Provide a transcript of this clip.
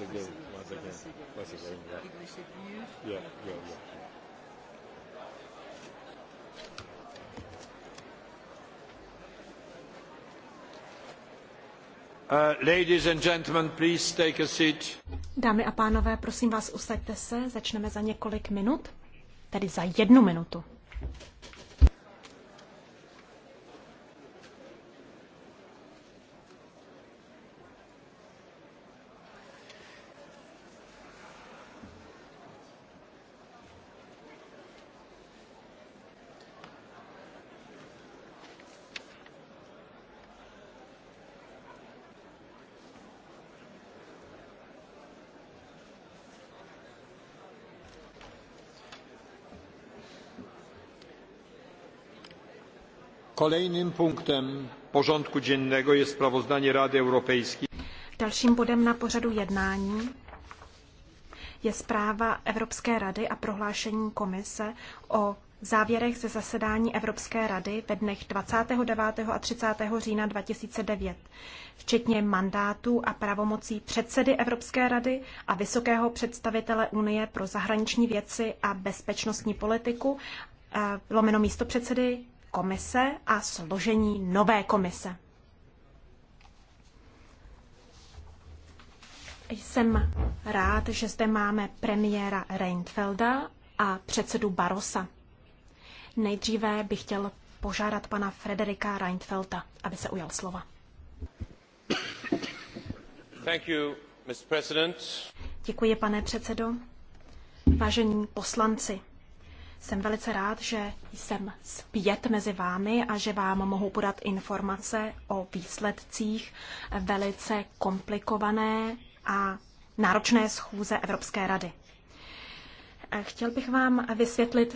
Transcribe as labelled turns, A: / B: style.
A: once again, once again, once again. Yeah, yeah, yeah. yeah. Uh, ladies and gentlemen, please take a seat. Dámy a pánové, prosím vás, usaďte se, začneme za několik minut, tedy za jednu minutu. Kolejnym punktem porządku dziennego jest sprawozdanie Rady Europejskiej. Dalším bodem na pořadu jednání je zpráva Evropské rady a prohlášení komise o závěrech ze zasedání Evropské rady ve dnech 29. a 30. října 2009, včetně mandátů a pravomocí předsedy Evropské rady a vysokého představitele Unie pro zahraniční věci a bezpečnostní politiku, eh, lomeno místo předsedy komise a složení nové komise. Jsem rád, že zde máme premiéra Reinfelda a předsedu Barosa. Nejdříve bych chtěl požádat pana Frederika Reinfelda, aby se ujal slova. You, Děkuji, pane předsedo. Vážení poslanci, jsem velice rád, že jsem zpět mezi vámi a že vám mohu podat informace o výsledcích velice komplikované a náročné schůze Evropské rady. Chtěl bych vám vysvětlit